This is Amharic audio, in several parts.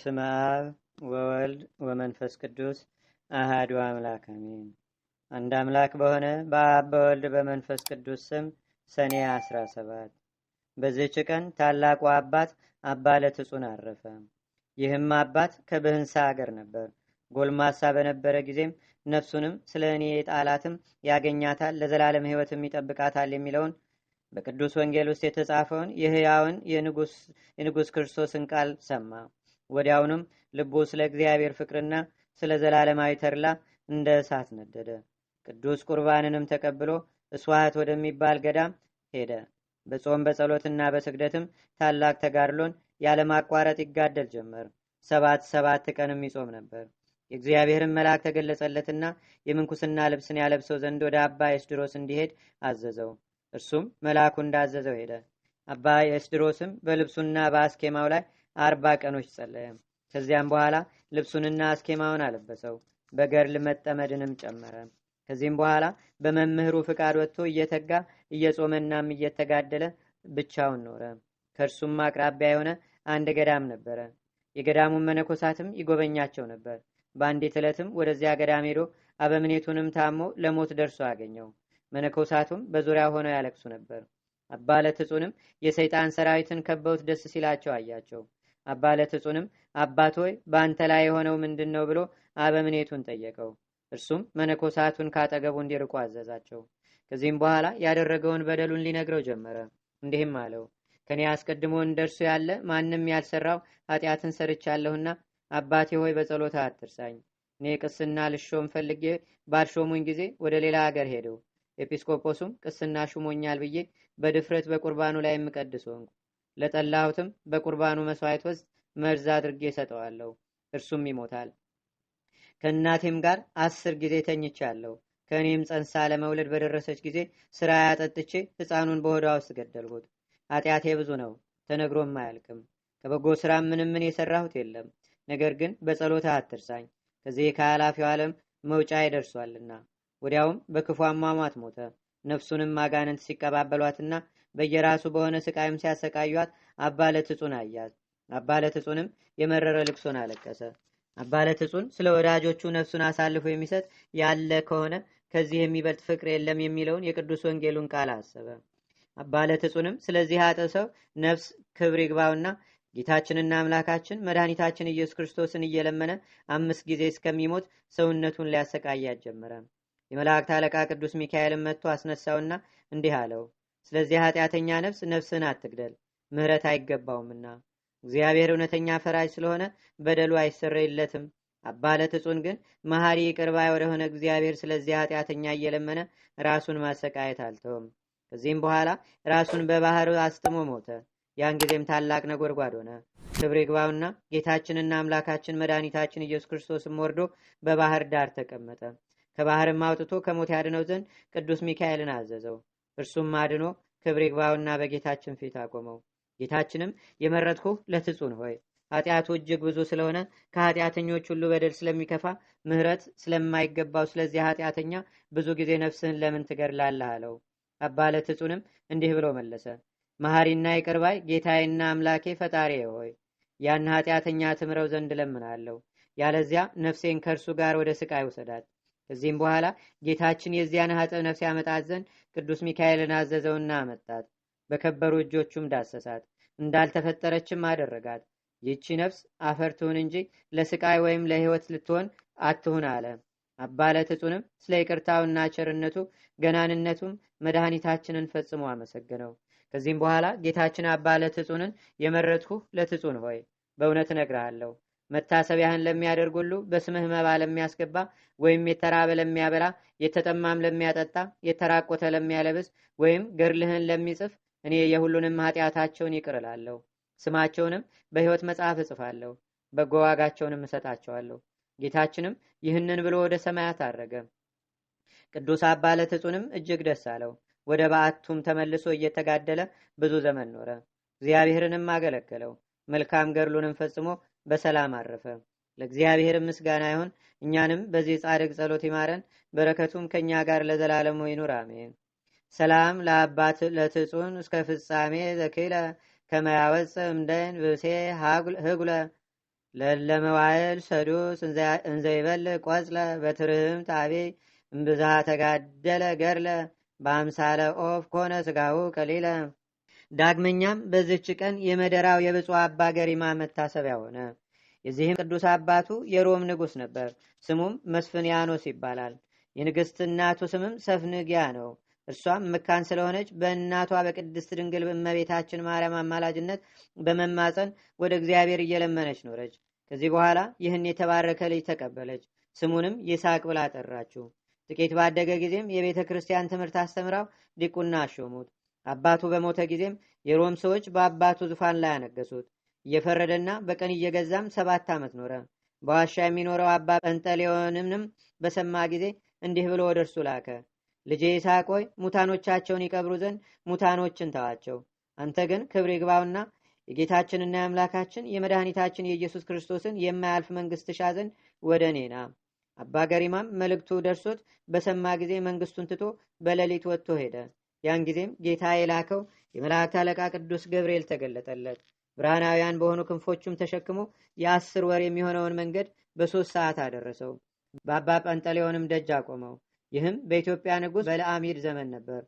በስመ አብ ወወልድ ወመንፈስ ቅዱስ አህዱ አምላክ አሜን። አንድ አምላክ በሆነ በአብ በወልድ በመንፈስ ቅዱስ ስም ሰኔ 17 በዚህች ቀን ታላቁ አባት አባ ለትጹን አረፈ። ይህም አባት ከብህንሳ አገር ነበር። ጎልማሳ በነበረ ጊዜም ነፍሱንም ስለ እኔ የጣላትም ያገኛታል፣ ለዘላለም ሕይወትም ይጠብቃታል የሚለውን በቅዱስ ወንጌል ውስጥ የተጻፈውን የሕያውን የንጉሥ ክርስቶስን ቃል ሰማ። ወዲያውንም ልቡ ስለ እግዚአብሔር ፍቅርና ስለ ዘላለማዊ ተድላ እንደ እሳት ነደደ። ቅዱስ ቁርባንንም ተቀብሎ እስዋት ወደሚባል ገዳም ሄደ። በጾም በጸሎትና በስግደትም ታላቅ ተጋድሎን ያለማቋረጥ ይጋደል ጀመር። ሰባት ሰባት ቀንም ይጾም ነበር። የእግዚአብሔርን መልአክ ተገለጸለትና የምንኩስና ልብስን ያለብሰው ዘንድ ወደ አባ የስድሮስ እንዲሄድ አዘዘው። እርሱም መልአኩ እንዳዘዘው ሄደ። አባ ኤስድሮስም በልብሱና በአስኬማው ላይ አርባ ቀኖች ጸለየ። ከዚያም በኋላ ልብሱንና አስኬማውን አለበሰው፣ በገርል መጠመድንም ጨመረ። ከዚህም በኋላ በመምህሩ ፍቃድ ወጥቶ እየተጋ እየጾመናም እየተጋደለ ብቻውን ኖረ። ከእርሱም አቅራቢያ የሆነ አንድ ገዳም ነበረ። የገዳሙን መነኮሳትም ይጎበኛቸው ነበር። በአንዲት ዕለትም ወደዚያ ገዳም ሄዶ አበምኔቱንም ታሞ ለሞት ደርሶ አገኘው። መነኮሳቱም በዙሪያ ሆነው ያለቅሱ ነበር። አባ ለትጹንም የሰይጣን ሰራዊትን ከበውት ደስ ሲላቸው አያቸው። አባ ለትጹንም አባት ሆይ በአንተ ላይ የሆነው ምንድን ነው ብሎ አበምኔቱን ጠየቀው። እርሱም መነኮሳቱን ካጠገቡ እንዲርቁ አዘዛቸው። ከዚህም በኋላ ያደረገውን በደሉን ሊነግረው ጀመረ። እንዲህም አለው፣ ከኔ አስቀድሞ እንደርሱ ያለ ማንም ያልሰራው ኃጢአትን ሰርቻለሁና አባቴ ሆይ በጸሎታ አትርሳኝ። እኔ ቅስና ልሾም ፈልጌ ባልሾሙኝ ጊዜ ወደ ሌላ አገር ሄደው ኤጲስቆጶሱም ቅስና ሹሞኛል ብዬ በድፍረት በቁርባኑ ላይ የምቀድስ ሆንኩ። ለጠላሁትም በቁርባኑ መስዋዕት ውስጥ መርዝ አድርጌ ሰጠዋለሁ እርሱም ይሞታል። ከእናቴም ጋር አስር ጊዜ ተኝቻለሁ። ከእኔም ፀንሳ ለመውለድ በደረሰች ጊዜ ስራ ያጠጥቼ ሕፃኑን በሆዷ ውስጥ ገደልሁት። አጢአቴ ብዙ ነው፣ ተነግሮም አያልቅም። ከበጎ ስራ ምንም ምን የሰራሁት የለም። ነገር ግን በጸሎታ አትርሳኝ፣ ከዚህ ከኃላፊው ዓለም መውጫ ይደርሷልና። ወዲያውም በክፉ አሟሟት ሞተ። ነፍሱንም አጋንንት ሲቀባበሏትና በየራሱ በሆነ ስቃይም ሲያሰቃዩት አባለት አያት። አባለት የመረረ ልቅሶን አለቀሰ። አባለት ህጹን ስለ ወዳጆቹ ነፍሱን አሳልፎ የሚሰጥ ያለ ከሆነ ከዚህ የሚበልጥ ፍቅር የለም የሚለውን የቅዱስ ወንጌሉን ቃል አሰበ። አባለት ስለዚህ ያጠ ሰው ነፍስ ክብር ይግባውና ጌታችንና አምላካችን መድኃኒታችን ኢየሱስ ክርስቶስን እየለመነ አምስት ጊዜ እስከሚሞት ሰውነቱን ሊያሰቃያት ጀመረ። የመላእክት አለቃ ቅዱስ ሚካኤልን መጥቶ አስነሳውና እንዲህ አለው፣ ስለዚህ ኃጢአተኛ ነፍስ ነፍስን አትግደል ምህረት አይገባውምና እግዚአብሔር እውነተኛ ፈራጅ ስለሆነ በደሉ አይሰረይለትም አባ ለትጹን ግን መሐሪ ቅርባይ ወደሆነ እግዚአብሔር ስለዚህ ኃጢአተኛ እየለመነ ራሱን ማሰቃየት አልተውም ከዚህም በኋላ ራሱን በባህር አስጥሞ ሞተ ያን ጊዜም ታላቅ ነጎድጓድ ሆነ ክብር ይግባውና ጌታችንና አምላካችን መድኃኒታችን ኢየሱስ ክርስቶስም ወርዶ በባህር ዳር ተቀመጠ ከባህርም አውጥቶ ከሞት ያድነው ዘንድ ቅዱስ ሚካኤልን አዘዘው እርሱም አድኖ ክብር ይግባውና በጌታችን ፊት አቆመው። ጌታችንም የመረጥኩ ለትጹን ሆይ ኃጢአቱ እጅግ ብዙ ስለሆነ ከኃጢአተኞች ሁሉ በደል ስለሚከፋ ምህረት ስለማይገባው ስለዚህ ኃጢአተኛ ብዙ ጊዜ ነፍስህን ለምን ትገድላለህ አለው። አባ ለትጹንም እንዲህ ብሎ መለሰ። መሐሪና ይቅርባይ ጌታዬና አምላኬ ፈጣሪ ሆይ ያን ኃጢአተኛ ትምረው ዘንድ ለምናለሁ። ያለዚያ ነፍሴን ከእርሱ ጋር ወደ ስቃይ ውሰዳት። ከዚህም በኋላ ጌታችን የዚያን ሐጠብ ነፍስ ያመጣት ዘንድ ቅዱስ ሚካኤልን አዘዘውና አመጣት። በከበሩ እጆቹም ዳሰሳት፣ እንዳልተፈጠረችም አደረጋት። ይቺ ነፍስ አፈር ትሁን እንጂ ለስቃይ ወይም ለሕይወት ልትሆን አትሁን አለ። አባ ለትጹንም ስለ ይቅርታውና ቸርነቱ ገናንነቱም መድኃኒታችንን ፈጽሞ አመሰግነው። ከዚህም በኋላ ጌታችን አባ ለትጹንን የመረጥኩ ለትጹን ሆይ በእውነት እነግርሃለሁ መታሰቢያህን ለሚያደርግ ሁሉ በስምህ መባ ለሚያስገባ ወይም የተራበ ለሚያበላ፣ የተጠማም ለሚያጠጣ፣ የተራቆተ ለሚያለብስ ወይም ገድልህን ለሚጽፍ እኔ የሁሉንም ኃጢአታቸውን ይቅር እላለሁ። ስማቸውንም በሕይወት መጽሐፍ እጽፋለሁ፣ በጎ ዋጋቸውንም እሰጣቸዋለሁ። ጌታችንም ይህንን ብሎ ወደ ሰማያት አረገ። ቅዱስ አባ ለትጹንም እጅግ ደስ አለው። ወደ በአቱም ተመልሶ እየተጋደለ ብዙ ዘመን ኖረ። እግዚአብሔርንም አገለገለው። መልካም ገድሉንም ፈጽሞ በሰላም አረፈ። ለእግዚአብሔር ምስጋና ይሁን። እኛንም በዚህ ጻድቅ ጸሎት ይማረን፣ በረከቱም ከእኛ ጋር ለዘላለሙ ይኑር አሜን። ሰላም ለአባት ለትጹን እስከ ፍጻሜ ዘኪለ ከመያወፅ እምደን ብሴ ህጉለ ለለመዋይል ሰዱስ እንዘይበል ቆጽለ በትርህም ታቤ እምብዛ ተጋደለ ገርለ በአምሳለ ኦፍ ኮነ ስጋው ቀሊለ ዳግመኛም በዝች ቀን የመደራው የብፁዕ አባ ገሪማ መታሰቢያ ሆነ። የዚህም ቅዱስ አባቱ የሮም ንጉሥ ነበር። ስሙም መስፍንያኖስ ይባላል። የንግሥት እናቱ ስምም ሰፍንጊያ ነው። እርሷም መካን ስለሆነች በእናቷ በቅድስት ድንግል እመቤታችን ማርያም አማላጅነት በመማፀን ወደ እግዚአብሔር እየለመነች ኖረች። ከዚህ በኋላ ይህን የተባረከ ልጅ ተቀበለች። ስሙንም ይስሐቅ ብላ ጠራችው። ጥቂት ባደገ ጊዜም የቤተ ክርስቲያን ትምህርት አስተምራው ዲቁና አሾሙት። አባቱ በሞተ ጊዜም የሮም ሰዎች በአባቱ ዙፋን ላይ አነገሱት። እየፈረደና በቀን እየገዛም ሰባት ዓመት ኖረ። በዋሻ የሚኖረው አባ ጰንጠሌዎንንም በሰማ ጊዜ እንዲህ ብሎ ወደ እርሱ ላከ። ልጄ ይስሐቅ ሆይ ሙታኖቻቸውን ይቀብሩ ዘንድ ሙታኖችን ተዋቸው። አንተ ግን ክብር ይግባውና የጌታችንና የአምላካችን የመድኃኒታችን የኢየሱስ ክርስቶስን የማያልፍ መንግሥት ትሻ ዘንድ ወደ እኔ ና። አባ ገሪማም መልእክቱ ደርሶት በሰማ ጊዜ መንግስቱን ትቶ በሌሊት ወጥቶ ሄደ። ያን ጊዜም ጌታ የላከው የመላእክት አለቃ ቅዱስ ገብርኤል ተገለጠለት። ብርሃናውያን በሆኑ ክንፎቹም ተሸክሞ የአስር ወር የሚሆነውን መንገድ በሶስት ሰዓት አደረሰው። በአባ ጰንጠሌዎንም ደጅ አቆመው። ይህም በኢትዮጵያ ንጉሥ በለአሚድ ዘመን ነበር።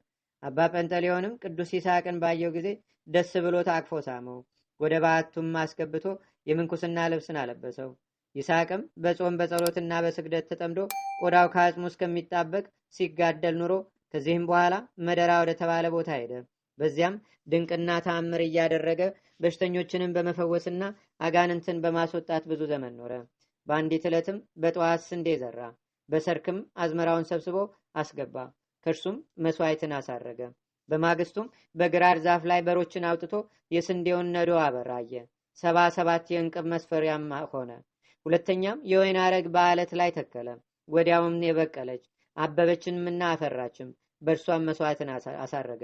አባ ጰንጠሌዎንም ቅዱስ ይስሐቅን ባየው ጊዜ ደስ ብሎ ታቅፎ ሳመው። ወደ በዓቱም አስገብቶ የምንኩስና ልብስን አለበሰው። ይስሐቅም በጾም በጸሎትና በስግደት ተጠምዶ ቆዳው ከአጽሙ እስከሚጣበቅ ሲጋደል ኑሮ ከዚህም በኋላ መደራ ወደ ተባለ ቦታ ሄደ። በዚያም ድንቅና ተአምር እያደረገ በሽተኞችንም በመፈወስና አጋንንትን በማስወጣት ብዙ ዘመን ኖረ። በአንዲት ዕለትም በጠዋት ስንዴ ዘራ። በሰርክም አዝመራውን ሰብስቦ አስገባ። ከእርሱም መስዋዕትን አሳረገ። በማግስቱም በግራር ዛፍ ላይ በሮችን አውጥቶ የስንዴውን ነዶ አበራየ። ሰባ ሰባት የእንቅብ መስፈሪያም ሆነ። ሁለተኛም የወይን አረግ በአለት ላይ ተከለ። ወዲያውም የበቀለች አበበችንምና አፈራችም በእርሷም መስዋዕትን አሳረገ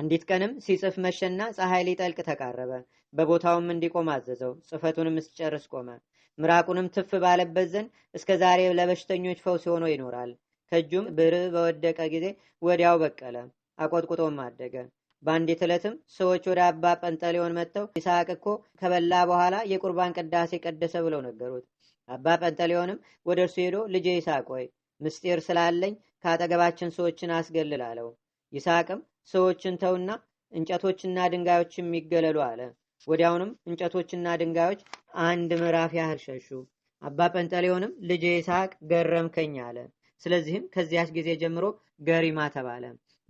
አንዲት ቀንም ሲጽፍ መሸና ፀሐይ ሊጠልቅ ተቃረበ በቦታውም እንዲቆም አዘዘው ጽፈቱንም እስጨርስ ቆመ ምራቁንም ትፍ ባለበት ዘንድ እስከ ዛሬ ለበሽተኞች ፈውስ ሆኖ ይኖራል ከእጁም ብር በወደቀ ጊዜ ወዲያው በቀለ አቆጥቁጦም አደገ በአንዲት ዕለትም ሰዎች ወደ አባ ጰንጠሌዎን መጥተው ይስሐቅ እኮ ከበላ በኋላ የቁርባን ቅዳሴ ቀደሰ ብለው ነገሩት አባ ጰንጠሌዎንም ወደ እርሱ ሄዶ ልጄ ይስሐቅ ሆይ ምስጢር ስላለኝ ከአጠገባችን ሰዎችን አስገልል አለው ይስሐቅም ሰዎችን ተውና እንጨቶችና ድንጋዮች የሚገለሉ አለ ወዲያውንም እንጨቶችና ድንጋዮች አንድ ምዕራፍ ያህል ሸሹ አባ ጰንጠሌዎንም ልጄ ይስሐቅ ገረምከኝ አለ ስለዚህም ከዚያች ጊዜ ጀምሮ ገሪማ ተባለ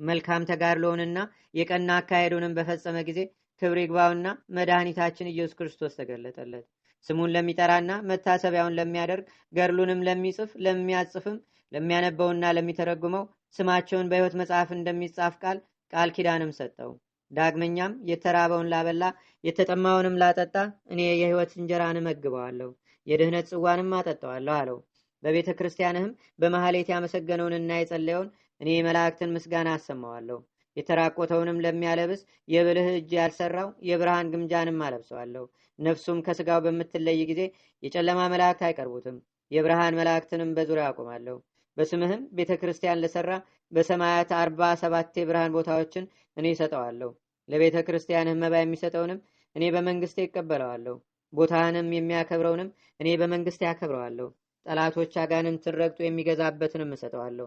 መልካም ተጋድሎውንና የቀና አካሄዱንም በፈጸመ ጊዜ ክብር ይግባውና መድኃኒታችን ኢየሱስ ክርስቶስ ተገለጠለት ስሙን ለሚጠራና መታሰቢያውን ለሚያደርግ ገድሉንም ለሚጽፍ ለሚያጽፍም ለሚያነበውና ለሚተረጉመው ስማቸውን በሕይወት መጽሐፍ እንደሚጻፍ ቃል ቃል ኪዳንም ሰጠው ዳግመኛም የተራበውን ላበላ የተጠማውንም ላጠጣ እኔ የሕይወት እንጀራን እመግበዋለሁ የድህነት ጽዋንም አጠጠዋለሁ አለው በቤተ ክርስቲያንህም በመሐሌት ያመሰገነውንና የጸለየውን እኔ የመላእክትን ምስጋና አሰማዋለሁ የተራቆተውንም ለሚያለብስ የብልህ እጅ ያልሰራው የብርሃን ግምጃንም አለብሰዋለሁ ነፍሱም ከስጋው በምትለይ ጊዜ የጨለማ መላእክት አይቀርቡትም የብርሃን መላእክትንም በዙሪያ አቆማለሁ በስምህም ቤተ ክርስቲያን ለሠራ በሰማያት አርባ ሰባት የብርሃን ቦታዎችን እኔ እሰጠዋለሁ። ለቤተ ክርስቲያንህ መባ የሚሰጠውንም እኔ በመንግስቴ ይቀበለዋለሁ። ቦታህንም የሚያከብረውንም እኔ በመንግስቴ ያከብረዋለሁ። ጠላቶች አጋንንትን ረግጦ የሚገዛበትንም እሰጠዋለሁ።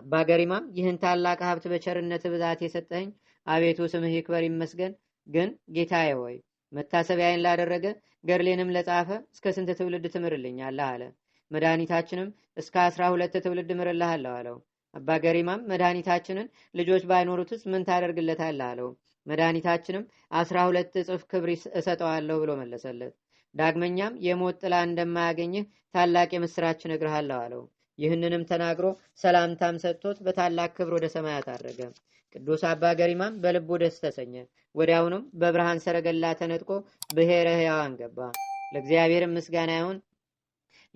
አባ ገሪማም ይህን ታላቅ ሀብት በቸርነት ብዛት የሰጠኝ አቤቱ ስምህ ይክበር ይመስገን። ግን ጌታዬ ሆይ መታሰቢያዬን ላደረገ ገድሌንም ለጻፈ እስከ ስንት ትውልድ ትምርልኛለህ አለ። መድኃኒታችንም እስከ አስራ ሁለት ትውልድ ምርልሃለሁ አለው አባ ገሪማም መድኃኒታችንን ልጆች ባይኖሩትስ ምን ታደርግለታለህ አለው መድኃኒታችንም አስራ ሁለት እጥፍ ክብር እሰጠዋለሁ ብሎ መለሰለት ዳግመኛም የሞት ጥላ እንደማያገኝህ ታላቅ የምስራች እነግርሃለሁ አለው ይህንንም ተናግሮ ሰላምታም ሰጥቶት በታላቅ ክብር ወደ ሰማያት አረገ ቅዱስ አባ ገሪማም በልቡ ደስ ተሰኘ ወዲያውኑም በብርሃን ሰረገላ ተነጥቆ ብሔረ ህያዋን ገባ ለእግዚአብሔር ምስጋና ይሁን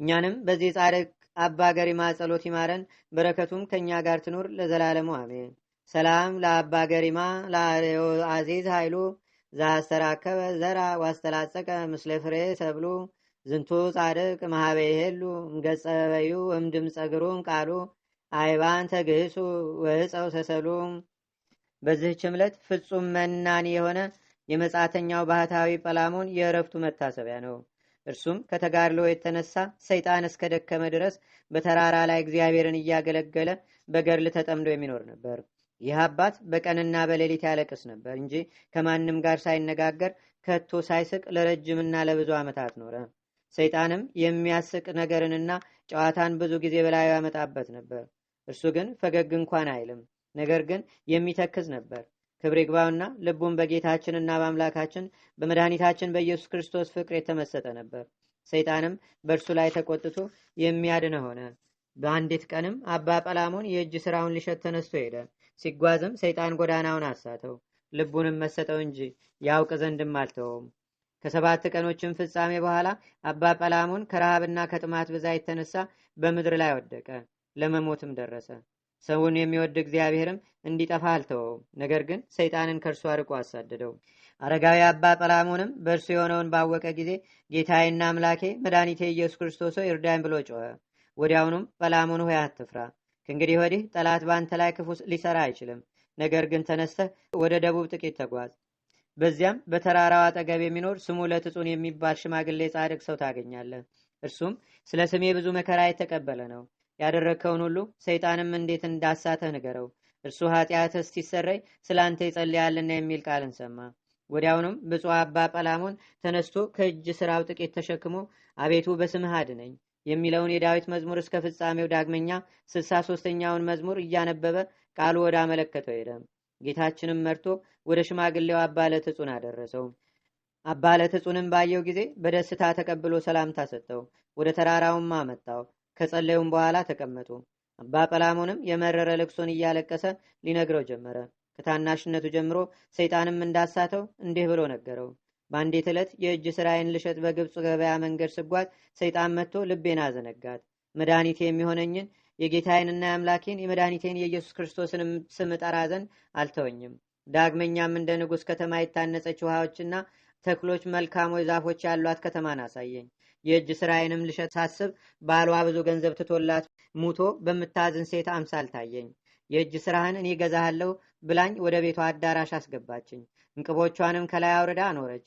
እኛንም በዚህ ጻድቅ አባ ገሪማ ጸሎት ይማረን፣ በረከቱም ከእኛ ጋር ትኑር ለዘላለሙ አሜን። ሰላም ለአባ ገሪማ ለአሬዮ አዚዝ ኃይሉ ዛስተራከበ ዘራ ዋስተላጸቀ ምስለ ፍሬ ሰብሉ ዝንቱ ጻድቅ ማህበ ይሄሉ እምገጸበዩ እምድም ግሩም ቃሉ አይባን ተግህሱ ወህፀው ተሰሉ። በዚህች ዕለት ፍጹም መናን የሆነ የመጻተኛው ባህታዊ ጰላሞን የእረፍቱ መታሰቢያ ነው። እርሱም ከተጋድሎ የተነሳ ሰይጣን እስከ ደከመ ድረስ በተራራ ላይ እግዚአብሔርን እያገለገለ በገድል ተጠምዶ የሚኖር ነበር። ይህ አባት በቀንና በሌሊት ያለቅስ ነበር እንጂ ከማንም ጋር ሳይነጋገር ከቶ ሳይስቅ ለረጅምና ለብዙ ዓመታት ኖረ። ሰይጣንም የሚያስቅ ነገርንና ጨዋታን ብዙ ጊዜ በላዩ ያመጣበት ነበር። እርሱ ግን ፈገግ እንኳን አይልም፣ ነገር ግን የሚተክዝ ነበር። ክብር ይግባውና ልቡን በጌታችንና በአምላካችን በመድኃኒታችን በኢየሱስ ክርስቶስ ፍቅር የተመሰጠ ነበር። ሰይጣንም በእርሱ ላይ ተቆጥቶ የሚያድነ ሆነ። በአንዲት ቀንም አባ ጳላሞን የእጅ ሥራውን ሊሸጥ ተነስቶ ሄደ። ሲጓዝም ሰይጣን ጎዳናውን አሳተው፣ ልቡንም መሰጠው እንጂ ያውቅ ዘንድም አልተውም ከሰባት ቀኖችም ፍጻሜ በኋላ አባ ጳላሞን ከረሃብና ከጥማት ብዛት የተነሳ በምድር ላይ ወደቀ፣ ለመሞትም ደረሰ። ሰውን የሚወድ እግዚአብሔርም እንዲጠፋ አልተወውም፣ ነገር ግን ሰይጣንን ከእርሱ አርቆ አሳደደው። አረጋዊ አባ ጰላሞንም በእርሱ የሆነውን ባወቀ ጊዜ ጌታዬና አምላኬ መድኃኒቴ ኢየሱስ ክርስቶስ ይርዳኝ ብሎ ጮኸ። ወዲያውኑም ጰላሞን ሆይ አትፍራ፣ ከእንግዲህ ወዲህ ጠላት በአንተ ላይ ክፉ ሊሰራ አይችልም። ነገር ግን ተነስተህ ወደ ደቡብ ጥቂት ተጓዝ። በዚያም በተራራው አጠገብ የሚኖር ስሙ ለትጹን የሚባል ሽማግሌ ጻድቅ ሰው ታገኛለህ። እርሱም ስለ ስሜ ብዙ መከራ የተቀበለ ነው ያደረግከውን ሁሉ ሰይጣንም እንዴት እንዳሳተ ንገረው እርሱ ኃጢአት እስቲሰረይ ስለ አንተ ይጸልያልና የሚል ቃልን ሰማ ወዲያውኑም ብፁ አባ ጳላሞን ተነስቶ ከእጅ ስራው ጥቂት ተሸክሞ አቤቱ በስምህ አድነኝ የሚለውን የዳዊት መዝሙር እስከ ፍጻሜው ዳግመኛ ስልሳ ሶስተኛውን መዝሙር እያነበበ ቃሉ ወደ አመለከተው ሄደ ጌታችንም መርቶ ወደ ሽማግሌው አባ ለትጹን አደረሰው አባ ለትጹንም ባየው ጊዜ በደስታ ተቀብሎ ሰላምታ ሰጠው ወደ ተራራውም አመጣው ከጸለዩም በኋላ ተቀመጡ። አባ ጰላሞንም የመረረ ልቅሶን እያለቀሰ ሊነግረው ጀመረ። ከታናሽነቱ ጀምሮ ሰይጣንም እንዳሳተው እንዲህ ብሎ ነገረው። በአንዲት ዕለት የእጅ ስራዬን ልሸጥ በግብፅ ገበያ መንገድ ስጓዝ ሰይጣን መጥቶ ልቤን አዘነጋት። መድኃኒቴ የሚሆነኝን የጌታዬንና የአምላኬን የመድኃኒቴን የኢየሱስ ክርስቶስን ስም ጠራ ዘንድ አልተወኝም። ዳግመኛም እንደ ንጉሥ ከተማ የታነጸች ውሃዎችና ተክሎች መልካሞች ዛፎች ያሏት ከተማን አሳየኝ። የእጅ ስራዬንም ልሸት ሳስብ ባሏ ብዙ ገንዘብ ትቶላት ሙቶ በምታዝን ሴት አምሳል ታየኝ። የእጅ ስራህን እኔ ገዛሃለሁ ብላኝ ወደ ቤቷ አዳራሽ አስገባችኝ። እንቅቦቿንም ከላይ አውርዳ አኖረች፣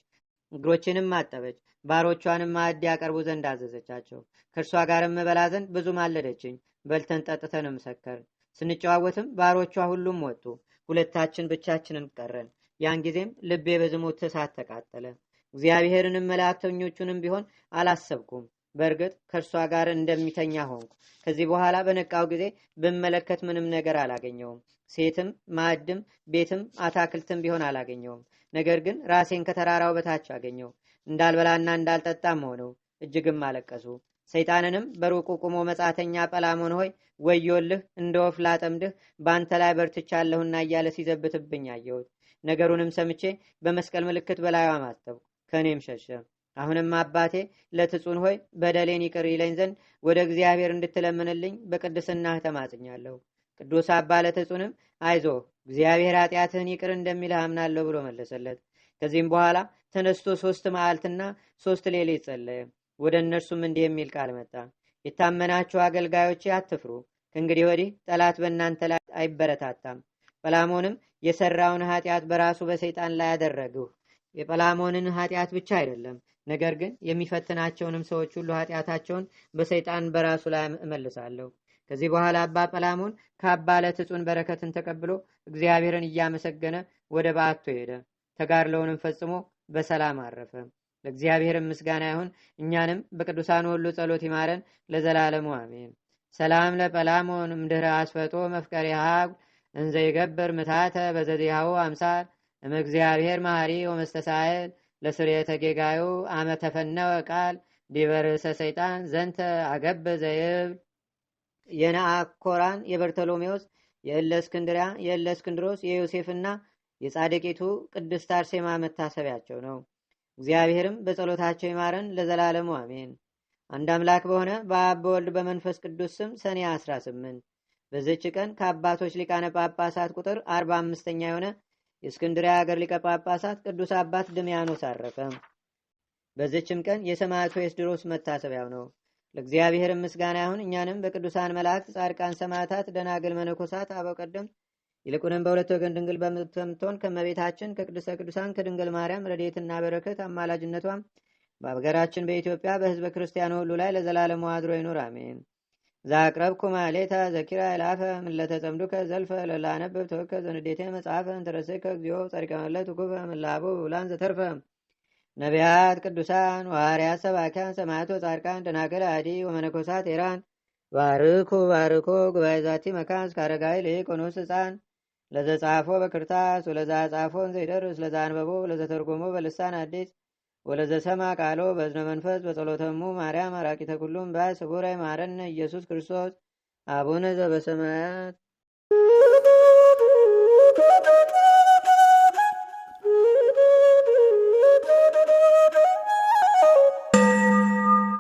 እግሮችንም አጠበች። ባሮቿንም ማዕድ ያቀርቡ ዘንድ አዘዘቻቸው። ከእርሷ ጋር የምበላ ዘንድ ብዙ ማለደችኝ። በልተን ጠጥተንም ሰከርን። ስንጨዋወትም ባሮቿ ሁሉም ወጡ፣ ሁለታችን ብቻችንን ቀረን። ያን ጊዜም ልቤ በዝሙት እሳት ተቃጠለ። እግዚአብሔርንም መላእክተኞቹንም ቢሆን አላሰብኩም በእርግጥ ከእርሷ ጋር እንደሚተኛ ሆንኩ ከዚህ በኋላ በነቃው ጊዜ ብመለከት ምንም ነገር አላገኘውም ሴትም ማዕድም ቤትም አታክልትም ቢሆን አላገኘውም ነገር ግን ራሴን ከተራራው በታች አገኘው እንዳልበላና እንዳልጠጣም ሆነው እጅግም አለቀሱ ሰይጣንንም በሩቁ ቁሞ መጻተኛ ጰላሞን ሆይ ወዮልህ እንደ ወፍ ላጠምድህ በአንተ ላይ በርትቻለሁና እያለ ሲዘብትብኝ አየሁት ነገሩንም ሰምቼ በመስቀል ምልክት በላዩ አማተብኩ ከእኔም ሸሸ። አሁንም አባቴ ለትጹን ሆይ በደሌን ይቅር ይለኝ ዘንድ ወደ እግዚአብሔር እንድትለምንልኝ በቅድስናህ ተማጽኛለሁ። ቅዱስ አባ ለትጹንም አይዞ እግዚአብሔር ኃጢአትህን ይቅር እንደሚልህ አምናለሁ ብሎ መለሰለት። ከዚህም በኋላ ተነስቶ ሶስት መዓልትና ሶስት ሌሊት ጸለየ። ወደ እነርሱም እንዲህ የሚል ቃል መጣ። የታመናችሁ አገልጋዮች አትፍሩ። ከእንግዲህ ወዲህ ጠላት በእናንተ ላይ አይበረታታም። ጰላሞንም የሰራውን ኃጢአት በራሱ በሰይጣን ላይ አደረግሁ የጰላሞንን ኃጢአት ብቻ አይደለም ነገር ግን የሚፈትናቸውንም ሰዎች ሁሉ ኃጢአታቸውን በሰይጣን በራሱ ላይ እመልሳለሁ ከዚህ በኋላ አባ ጰላሞን ከአባ ለትጹን በረከትን ተቀብሎ እግዚአብሔርን እያመሰገነ ወደ በአቶ ሄደ ተጋድለውንም ፈጽሞ በሰላም አረፈ ለእግዚአብሔር ምስጋና ይሁን እኛንም በቅዱሳን ሁሉ ጸሎት ይማረን ለዘላለሙ አሜን ሰላም ለጰላሞን እምድህረ አስፈጦ መፍቀሪ ሀብ እንዘይገብር ምታተ በዘዲሃው አምሳል እምእግዚአብሔር ማሪ ወመስተሳይል ለስርየተ ጌጋዩ አመ ቃል ዲበርሰ ሰይጣን ዘንተ አገበ ዘይብል የነአኮራን የበርተሎሜዎስ የእለእስክንድሪያ የእለእስክንድሮስ የዮሴፍና የጻድቂቱ ቅድስት አርሴማ መታሰቢያቸው ነው። እግዚአብሔርም በጸሎታቸው ይማረን ለዘላለሙ አሜን። አንድ አምላክ በሆነ በአብ በወልድ በመንፈስ ቅዱስ ስም ሰኔ 18 በዝች ቀን ከአባቶች ሊቃነ ጳጳሳት ቁጥር 45ኛ የሆነ የእስክንድሪያ ሀገር ሊቀ ጳጳሳት ቅዱስ አባት ድምያኖስ አረፈ። በዚችም ቀን የሰማዕቱ ኤስድሮስ መታሰቢያው ነው። ለእግዚአብሔር ምስጋና ይሁን። እኛንም በቅዱሳን መላእክት፣ ጻድቃን፣ ሰማዕታት፣ ደናግል፣ መነኮሳት፣ አበው ቀደምት ይልቁንም በሁለት ወገን ድንግል በምትሆን ከመቤታችን ከቅድስተ ቅዱሳን ከድንግል ማርያም ረድኤትና በረከት አማላጅነቷም በአገራችን በኢትዮጵያ በሕዝበ ክርስቲያኑ ሁሉ ላይ ለዘላለሙ አድሮ ይኑር፣ አሜን። ዛቅረብኩ ማሌታ ዘኪራ ይላፈ ምለተጸምዱከ ዘልፈ ለላነበብ ተወከ ዘንዴቴ መጽሐፈ ተረሰከ እግዚኦ ጸሪቀመለት መለት ምላቡ ብላን ዘተርፈ ነቢያት ቅዱሳን ዋርያት ሰባኪያን ሰማያቶ ጻድቃን ደናገል አዲ ወመነኮሳት ኤራን ባርኮ ባርኮ ጉባኤ ዛቲ መካን እስካረጋዊ ለኢቆኖስ ህፃን ለዘጻፎ በክርታስ ወለዛ ጻፎን ዘይደርስ ለዛ አንበቦ ለዘተርጎሞ በልሳን አዲስ ወለዘሰማ ቃሎ በዝነ መንፈስ በጸሎተሙ ማርያም አራቂ ተኩሉም ባይ ስቡረ ማረነ ኢየሱስ ክርስቶስ አቡነ ዘበሰማያት